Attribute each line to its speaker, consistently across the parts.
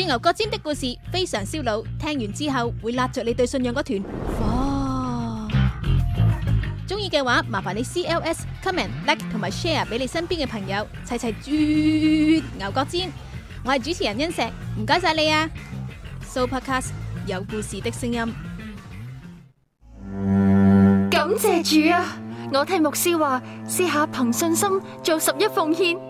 Speaker 1: 鑽牛角尖的故事非常燒腦，聽完之後會拉著你對信仰嗰團火。中意嘅話，麻煩你 C L S comment like 同埋 share 俾你身邊嘅朋友，齊齊鑽牛角尖。我係主持人恩石，唔該晒你啊！Sooopodcast 有故事的聲音，
Speaker 2: 感謝主啊！我聽牧師話，試下憑信心做十一奉獻。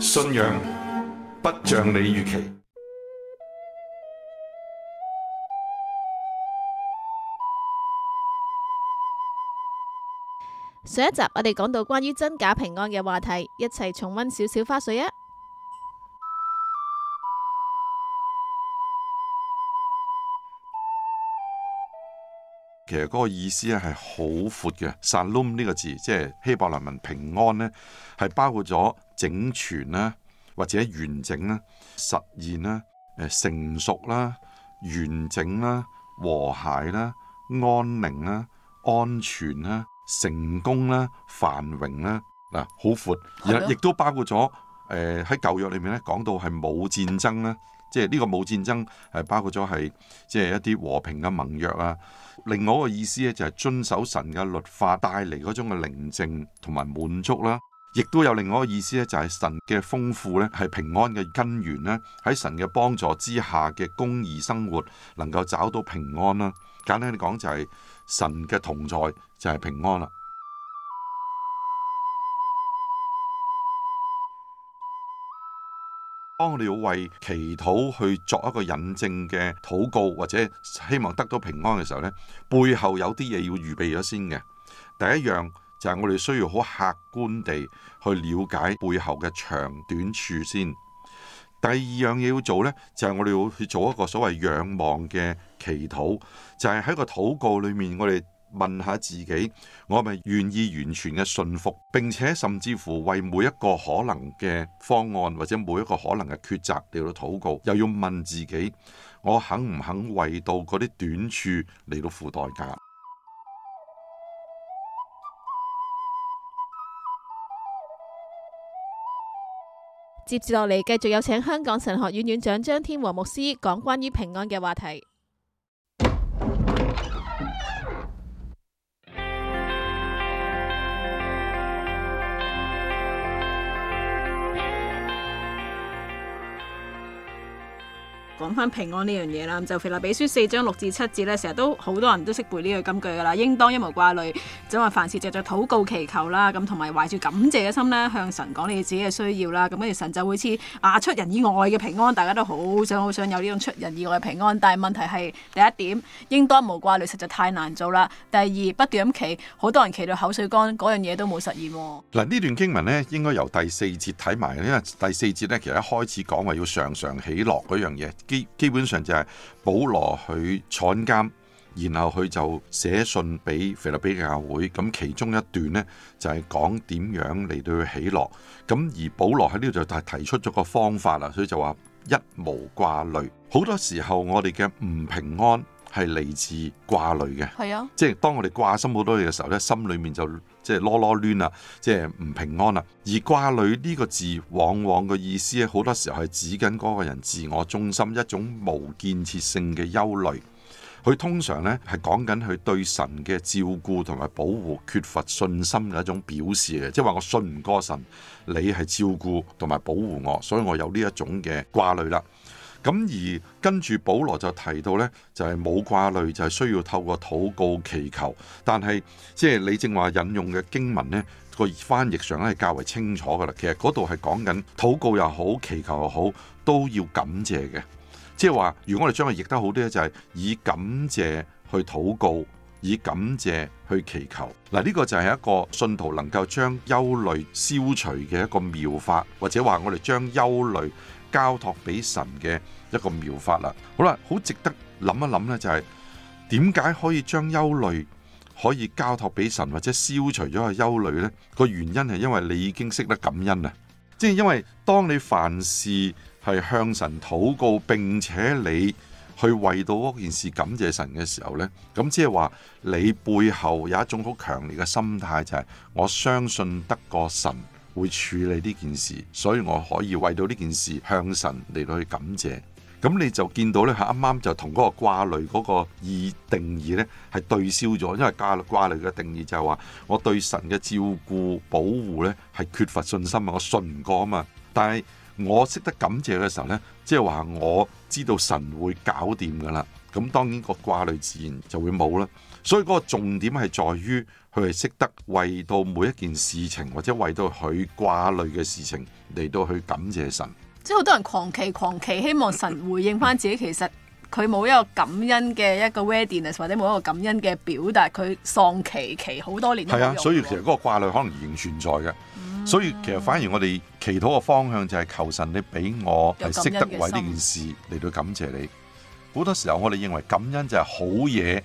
Speaker 3: 信仰不像你預期。
Speaker 1: 上一集我哋講到關於真假平安嘅話題，一齊重温少少花絮吖！
Speaker 3: 其實嗰個意思咧係好闊嘅 shalom 呢個字，即係希伯來文平安咧，係包括咗整全啦，或者完整啦、實現啦、誒成熟啦、完整啦、和諧啦、安寧啦、安全啦、成功啦、繁榮啦，嗱好闊，然後亦都包括咗誒喺舊約裏面咧講到係冇戰爭啦。即係呢個冇戰爭係包括咗係即係一啲和平嘅盟約啊。另外一個意思咧就係遵守神嘅律法帶嚟嗰種嘅寧靜同埋滿足啦。亦都有另外一個意思咧就係神嘅豐富咧係平安嘅根源啦。喺神嘅幫助之下嘅公義生活能夠找到平安啦。簡單啲講就係神嘅同在就係平安啦。當我哋要為祈禱去作一個引證嘅禱告，或者希望得到平安嘅時候呢，背後有啲嘢要預備咗先嘅。第一樣就係我哋需要好客觀地去了解背後嘅長短處先。第二樣嘢要做呢，就係我哋要去做一個所謂仰望嘅祈禱，就係喺個禱告裏面我哋。問下自己，我咪願意完全嘅信服，並且甚至乎為每一個可能嘅方案或者每一個可能嘅抉擇嚟到禱告，又要問自己，我肯唔肯為到嗰啲短處嚟到付代價？
Speaker 1: 接住落嚟，繼續有請香港神學院院長張天和牧師講關於平安嘅話題。講翻平安呢樣嘢啦，就腓立比書四章六至七節咧，成日都好多人都識背呢句金句噶啦。應當一無掛慮，就係話凡事藉着禱告祈求啦，咁同埋懷住感謝嘅心咧，向神講你自己嘅需要啦。咁跟住神就會賜「啊，出人意外嘅平安，大家都好想好想有呢種出人意外嘅平安。但係問題係，第一點，應當一無掛慮實在太難做啦。第二，不斷咁祈，好多人祈到口水乾，嗰樣嘢都冇實現。
Speaker 3: 嗱，呢段經文呢，應該由第四節睇埋，因為第四節咧其實一開始講話要常常喜樂嗰樣嘢。基基本上就係保羅佢坐監，然後佢就寫信俾腓立比教會，咁其中一段呢，就係講點樣嚟到起落，咁而保羅喺呢度就提出咗個方法啦，所以就話一無掛慮。好多時候我哋嘅唔平安係嚟自掛慮嘅，係啊，即係當我哋掛心好多嘢嘅時候呢，心裏面就。即係囉囉攣啦、啊，即係唔平安啦、啊。而掛慮呢個字，往往嘅意思，好多時候係指緊嗰個人自我中心一種無建設性嘅憂慮。佢通常咧係講緊佢對神嘅照顧同埋保護缺乏信心嘅一種表示嘅，即係話我信唔過神，你係照顧同埋保護我，所以我有呢一種嘅掛慮啦。咁而跟住保羅就提到呢，就係冇掛慮，就係、是、需要透過禱告祈求。但係即係你正話引用嘅經文呢、這個翻譯上咧係較為清楚噶啦。其實嗰度係講緊禱告又好，祈求又好，都要感謝嘅。即係話，如果我哋將佢譯得好啲咧，就係、是、以感謝去禱告，以感謝去祈求。嗱，呢個就係一個信徒能夠將憂慮消除嘅一個妙法，或者話我哋將憂慮。交託俾神嘅一個妙法啦，好啦，好值得諗一諗呢，就係點解可以將憂慮可以交託俾神或者消除咗個憂慮呢？個原因係因為你已經識得感恩啦，即係因為當你凡事係向神禱告，並且你去為到嗰件事感謝神嘅時候呢，咁即係話你背後有一種好強烈嘅心態就係我相信得過神。會處理呢件事，所以我可以為到呢件事向神嚟到去感謝。咁你就見到呢，係啱啱就同嗰個掛慮嗰個意定義呢係對消咗，因為加掛慮嘅定義就係話我對神嘅照顧保護呢係缺乏信心啊，我信唔過啊嘛。但係我識得感謝嘅時候呢，即係話我知道神會搞掂㗎喇。咁當然個掛慮自然就會冇啦，所以嗰個重點係在於佢係識得為到每一件事情或者為到佢掛慮嘅事情嚟到去感謝神，
Speaker 1: 即係好多人狂祈狂祈，希望神回應翻自己，其實佢冇一個感恩嘅一個 readiness 或者冇一個感恩嘅表達，佢喪祈祈好多年係啊，所
Speaker 3: 以其實嗰個掛慮可能仍存在嘅，嗯、所以其實反而我哋祈禱嘅方向就係求神你俾我係識得為呢件事嚟到感謝你。好多時候我哋認為感恩就係好嘢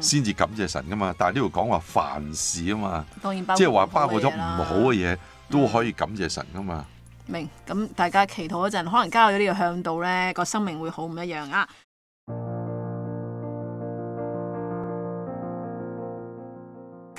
Speaker 3: 先至感謝神噶嘛，嗯、但係呢度講話凡事啊嘛，
Speaker 1: 即係話包括咗
Speaker 3: 唔好嘅嘢、啊、都可以感謝神噶嘛。
Speaker 1: 明，咁大家祈禱嗰陣，可能加入咗呢個向度咧，個生命會好唔一樣啊！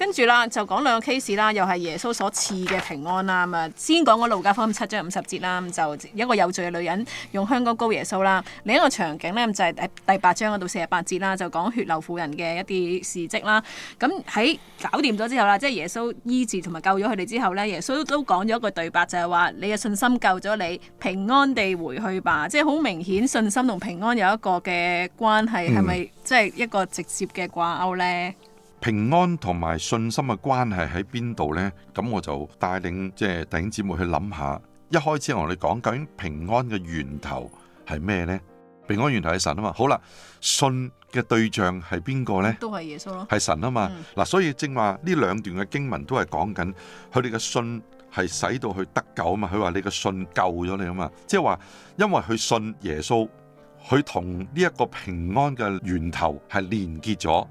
Speaker 1: 跟住啦，就講兩個 case 啦，又係耶穌所賜嘅平安啦。咁啊，先講個路加福音七章五十節啦，咁就一個有罪嘅女人用香膏膏耶穌啦。另一個場景咧，就係第第八章嗰度四十八節啦，就講血流婦人嘅一啲事跡啦。咁喺搞掂咗之後啦，即係耶穌醫治同埋救咗佢哋之後咧，耶穌都講咗一個對白，就係話你嘅信心救咗你，平安地回去吧。即係好明顯，信心同平安有一個嘅關係，係咪即係一個直接嘅掛鈎咧？
Speaker 3: 平安同埋信心嘅關係喺邊度呢？咁我就帶領即係頂節目去諗下。一開始我同你講究竟平安嘅源頭係咩呢？平安源頭係神啊嘛。好啦，信嘅對象係邊個呢？
Speaker 1: 都係耶穌咯。係
Speaker 3: 神啊嘛。嗱、嗯啊，所以正話呢兩段嘅經文都係講緊佢哋嘅信係使到佢得救啊嘛。佢話你嘅信救咗你啊嘛。即係話因為佢信耶穌，佢同呢一個平安嘅源頭係連結咗。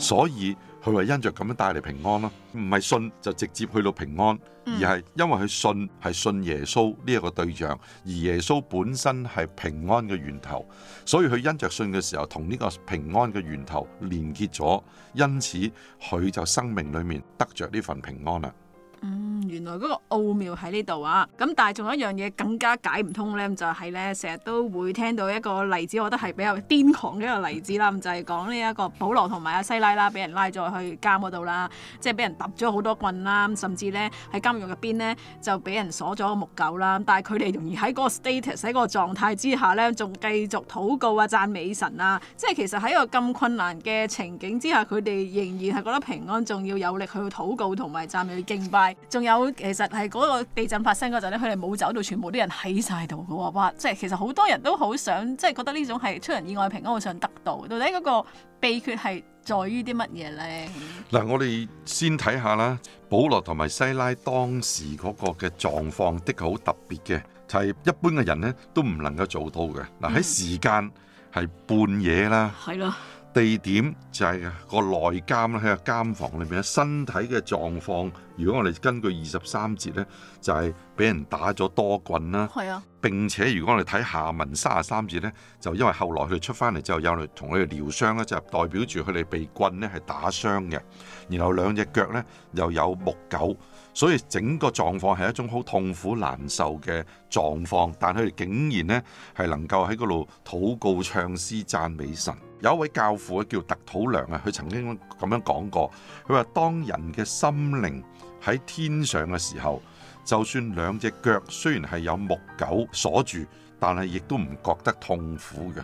Speaker 3: 所以佢為因著咁樣帶嚟平安咯，唔係信就直接去到平安，而係因為佢信係信耶穌呢一個對象，而耶穌本身係平安嘅源頭，所以佢因著信嘅時候同呢個平安嘅源頭連結咗，因此佢就生命裡面得着呢份平安啦。
Speaker 1: 嗯，原來嗰個奧妙喺呢度啊，咁但係仲有一樣嘢，更加解唔通咧，就係咧成日都會聽到一個例子，我覺得係比較癲狂嘅一個例子啦，咁就係講呢一個保羅同埋阿西拉啦，俾人拉咗去監嗰度啦，即係俾人揼咗好多棍啦，甚至咧喺監獄入邊咧就俾人鎖咗個木狗啦，但係佢哋容易喺嗰個 status 喺嗰個狀態之下咧，仲繼續禱告啊讚美神啊，即係其實喺一個咁困難嘅情景之下，佢哋仍然係覺得平安，仲要有力去禱告同埋讚美敬拜。仲有，其實係嗰個地震發生嗰陣咧，佢哋冇走，到全部啲人喺晒度嘅話，即係其實好多人都好想，即係覺得呢種係出人意外平安，我想得到。到底嗰個秘訣係在於啲乜嘢咧？
Speaker 3: 嗱、嗯，我哋先睇下啦，保羅同埋西拉當時嗰個嘅狀況，的確好特別嘅，就係一般嘅人咧都唔能夠做到嘅。嗱，喺時間係半夜啦，係咯。地點就係個內監，喺個監房裏面。身體嘅狀況，如果我哋根據二十三節呢，就係、是、俾人打咗多棍啦。係、啊、並且如果我哋睇下文三十三節呢，就因為後來佢哋出翻嚟之後，有嚟同佢哋療傷咧，就是、代表住佢哋被棍呢係打傷嘅。然後兩隻腳呢又有木狗，所以整個狀況係一種好痛苦難受嘅狀況。但佢哋竟然呢係能夠喺嗰度禱告、唱詩、讚美神。有一位教父啊叫特土良啊，佢曾經咁樣講過，佢話當人嘅心靈喺天上嘅時候，就算兩隻腳雖然係有木狗鎖住，但係亦都唔覺得痛苦嘅。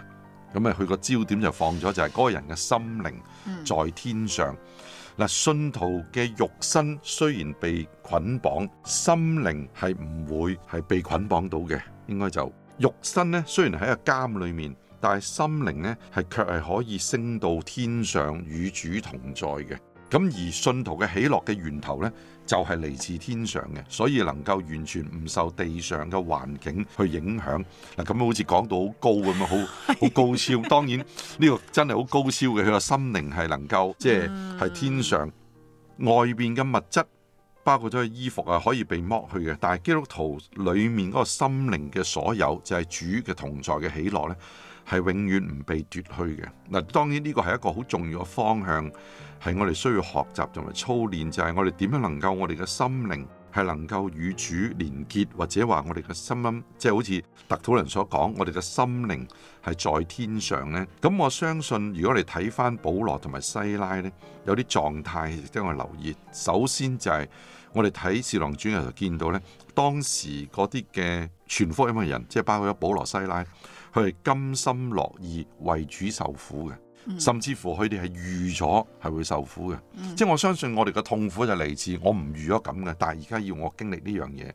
Speaker 3: 咁啊，佢個焦點就放咗，就係嗰個人嘅心靈在天上。嗱、嗯，信徒嘅肉身雖然被捆綁，心靈係唔會係被捆綁到嘅，應該就肉身咧，雖然喺個監裏面。但係心靈呢係卻係可以升到天上與主同在嘅。咁而信徒嘅喜樂嘅源頭呢，就係嚟自天上嘅，所以能夠完全唔受地上嘅環境去影響。嗱，咁好似講到好高咁樣，好好高超。的當然呢 個真係好高超嘅，佢個心靈係能夠即係喺天上外邊嘅物質，包括咗衣服啊，可以被剝去嘅。但係基督徒裏面嗰個心靈嘅所有，就係主嘅同在嘅喜樂呢。係永遠唔被奪去嘅。嗱，當然呢個係一個好重要嘅方向，係我哋需要學習同埋操練，就係、是、我哋點樣能夠，我哋嘅心靈係能夠與主連結，或者話我哋嘅心，音，即係好似特土良所講，我哋嘅心靈係在天上呢。」咁我相信，如果你睇翻保羅同埋西拉呢，有啲狀態值得我留意。首先就係我哋睇《使徒行傳》就見到呢，當時嗰啲嘅傳福音嘅人，即係包括咗保羅、西拉。佢係甘心樂意為主受苦嘅，甚至乎佢哋係預咗係會受苦嘅。嗯、即係我相信我哋嘅痛苦就嚟自我唔預咗咁嘅，但係而家要我經歷呢樣嘢，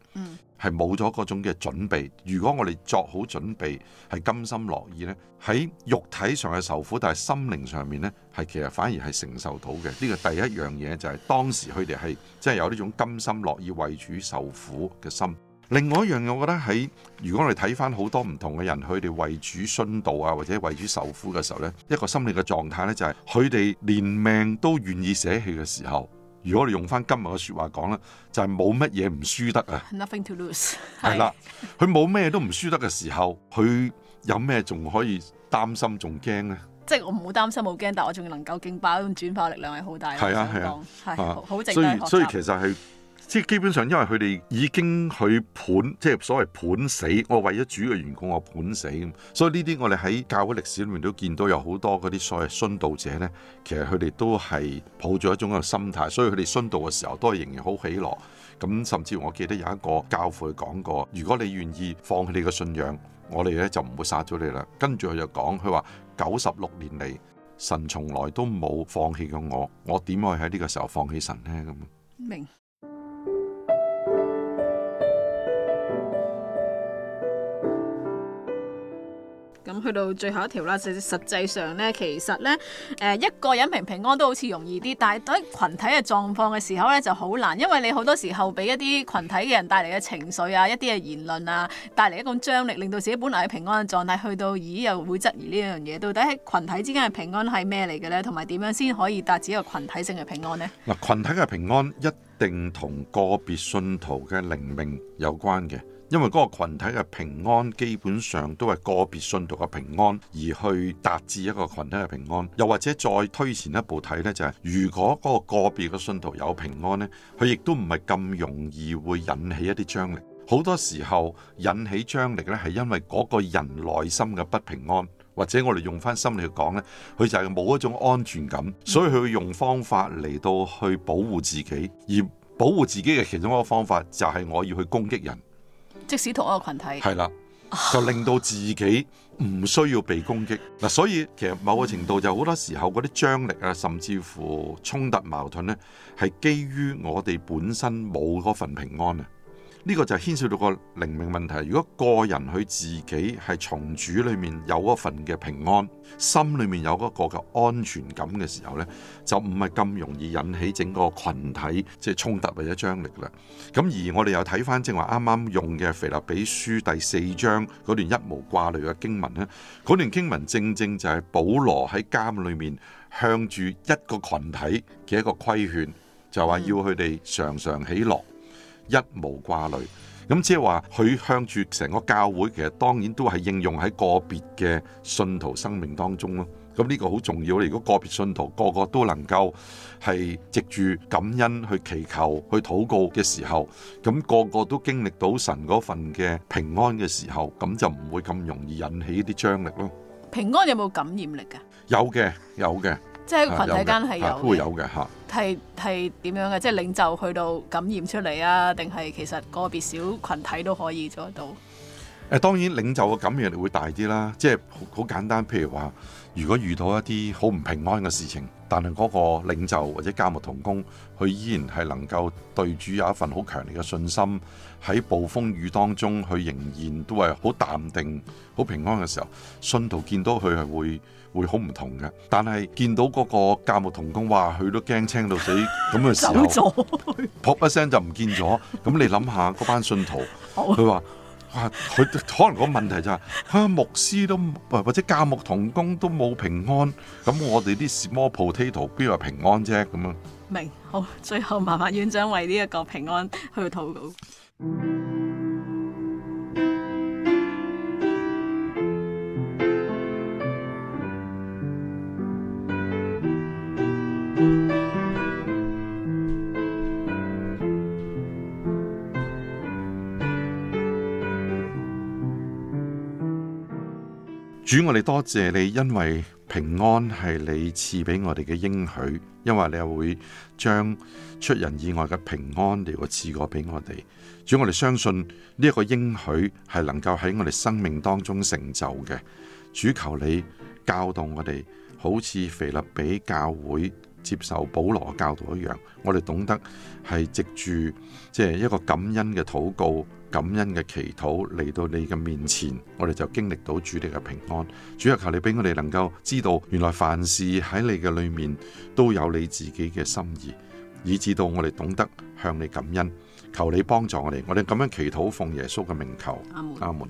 Speaker 3: 係冇咗嗰種嘅準備。如果我哋作好準備，係甘心樂意呢，喺肉體上嘅受苦，但係心靈上面呢，係其實反而係承受到嘅。呢個第一樣嘢就係、是、當時佢哋係即係有呢種甘心樂意為主受苦嘅心。另外一樣嘅，我覺得喺如果我哋睇翻好多唔同嘅人，佢哋為主殉道啊，或者為主受苦嘅時候咧，一個心理嘅狀態咧、就是，就係佢哋連命都願意捨棄嘅時候。如果我哋用翻今日嘅説話講啦，就係冇乜嘢唔輸得啊。
Speaker 1: Nothing to lose 的。係啦
Speaker 3: 的，佢冇咩都唔輸得嘅時候，佢有咩仲可以擔心仲驚咧？
Speaker 1: 即係我唔好擔心冇驚，但我仲能夠勁爆，轉化力量係好大。係啊係啊，係好正。在所以所以其
Speaker 3: 實係。即基本上，因為佢哋已經去盤，即係所謂盤死。我為咗主嘅緣故我盤死。所以呢啲我哋喺教會歷史裏面都見到有好多嗰啲所謂殉道者咧，其實佢哋都係抱住一種嘅心態，所以佢哋殉道嘅時候都係仍然好喜樂，咁甚至我記得有一個教父講過，如果你願意放棄你嘅信仰，我哋咧就唔會殺咗你啦。跟住佢就講，佢話九十六年嚟，神從來都冇放棄過我，我點可以喺呢個時候放棄神咧？咁
Speaker 1: 明。咁去到最後一條啦，實實際上咧，其實咧，誒一個人平平安都好似容易啲，但係喺群體嘅狀況嘅時候咧，就好難，因為你好多時候俾一啲群體嘅人帶嚟嘅情緒啊，一啲嘅言論啊，帶嚟一種張力，令到自己本來嘅平安狀態，去到咦又會質疑呢樣嘢。到底喺群體之間嘅平安係咩嚟嘅咧？同埋點樣先可以達至一個群體性嘅平安呢？
Speaker 3: 嗱，羣體嘅平安一定同個別信徒嘅靈命有關嘅。因為嗰個羣體嘅平安基本上都係個別信徒嘅平安而去達至一個群體嘅平安，又或者再推前一步睇呢，就係如果嗰個個別嘅信徒有平安呢，佢亦都唔係咁容易會引起一啲張力。好多時候引起張力呢，係因為嗰個人內心嘅不平安，或者我哋用翻心理去講呢，佢就係冇一種安全感，所以佢會用方法嚟到去保護自己，而保護自己嘅其中一個方法就係我要去攻擊人。
Speaker 1: 即使同一個群體，係
Speaker 3: 啦，就令到自己唔需要被攻擊嗱，所以其實某個程度就好多時候嗰啲張力啊，甚至乎衝突矛盾呢，係基於我哋本身冇嗰份平安啊。呢個就係牽涉到個靈命問題。如果個人佢自己係從主裏面有嗰份嘅平安，心裏面有嗰個嘅安全感嘅時候呢，就唔係咁容易引起整個群體即係衝突或者張力啦。咁而我哋又睇翻正話啱啱用嘅腓立比書第四章嗰段一無掛慮嘅經文。呢嗰段經文正正就係保羅喺監裏面向住一個群體嘅一個規勸，就話要佢哋常常喜樂。一無掛慮，咁即係話佢向住成個教會，其實當然都係應用喺個別嘅信徒生命當中咯。咁呢個好重要。如果個別信徒個個都能夠係藉住感恩去祈求、去禱告嘅時候，咁個個都經歷到神嗰份嘅平安嘅時候，咁就唔會咁容易引起一啲張力咯。
Speaker 1: 平安有冇感染力㗎？
Speaker 3: 有嘅，有嘅。即係個群體間係有，都會有嘅。吓？係，
Speaker 1: 係係點樣嘅？即係領袖去到感染出嚟啊，定係其實個別小群體都可以做到？
Speaker 3: 誒，當然領袖嘅感染力會大啲啦。即係好簡單，譬如話，如果遇到一啲好唔平安嘅事情，但係嗰個領袖或者教牧同工，佢依然係能夠對主有一份好強烈嘅信心，喺暴風雨當中，佢仍然都係好淡定、好平安嘅時候，信徒見到佢係會會好唔同嘅。但係見到嗰個教牧同工，話，佢都驚青到死咁嘅 時候，撲 一聲就唔見咗。咁你諗下嗰班信徒，佢話。 哇！佢可能個問題就係、是，啊牧師都或者教牧同工都冇平安，咁我哋啲 small potato 邊有平安啫咁啊？樣
Speaker 1: 明好，最後麻煩院長為呢一個平安去禱告。
Speaker 3: 主，我哋多謝你，因為平安係你賜俾我哋嘅應許，因為你又會將出人意外嘅平安嚟個賜過俾我哋。主，我哋相信呢一個應許係能夠喺我哋生命當中成就嘅。主求你教導我哋，好似腓立比教會。接受保羅教導一樣，我哋懂得係藉住即係一個感恩嘅禱告、感恩嘅祈禱嚟到你嘅面前，我哋就經歷到主你嘅平安。主啊，求你俾我哋能夠知道，原來凡事喺你嘅裏面都有你自己嘅心意，以至到我哋懂得向你感恩。求你幫助我哋，我哋咁樣祈禱，奉耶穌嘅名求。阿門。阿門。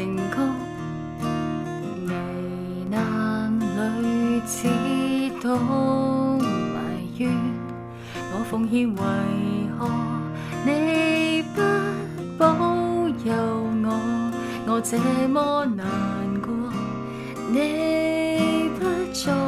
Speaker 2: 成功，危難裏只懂埋怨。我奉獻，為何你不保佑我？我這麼難過，你不在。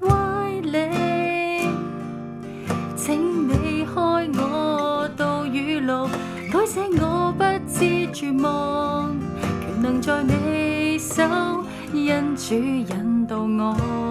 Speaker 2: 絕望，權能在你手，因主引導我。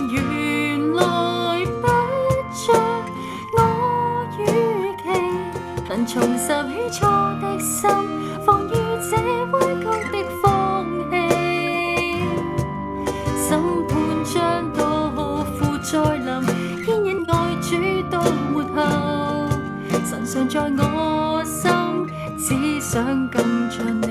Speaker 2: 常在我心，只想更近。